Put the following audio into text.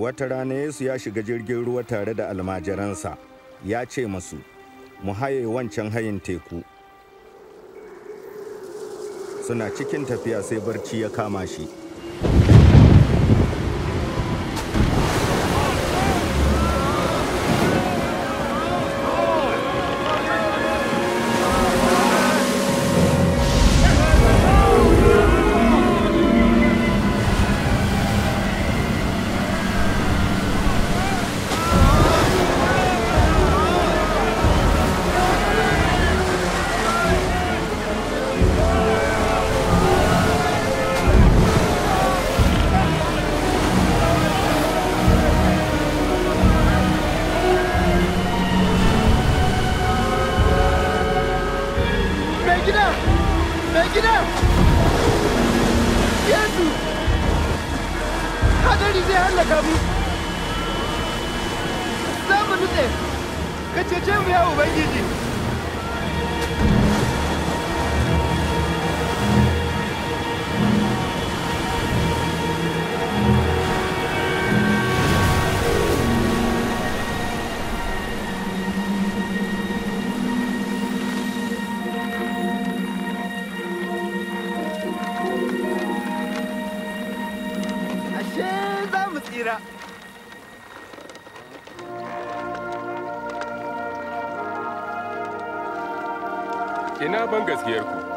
wata rana yesu ya shiga jirgin ruwa tare da almajiransa ya ce masu mu haye wancan hayin teku suna cikin tafiya sai barci ya kama shi mai gida mai gida yesu hadari zai hallaka mu za mu nutse ka cece mu ya ubangiji Ina ban gaskiyarku.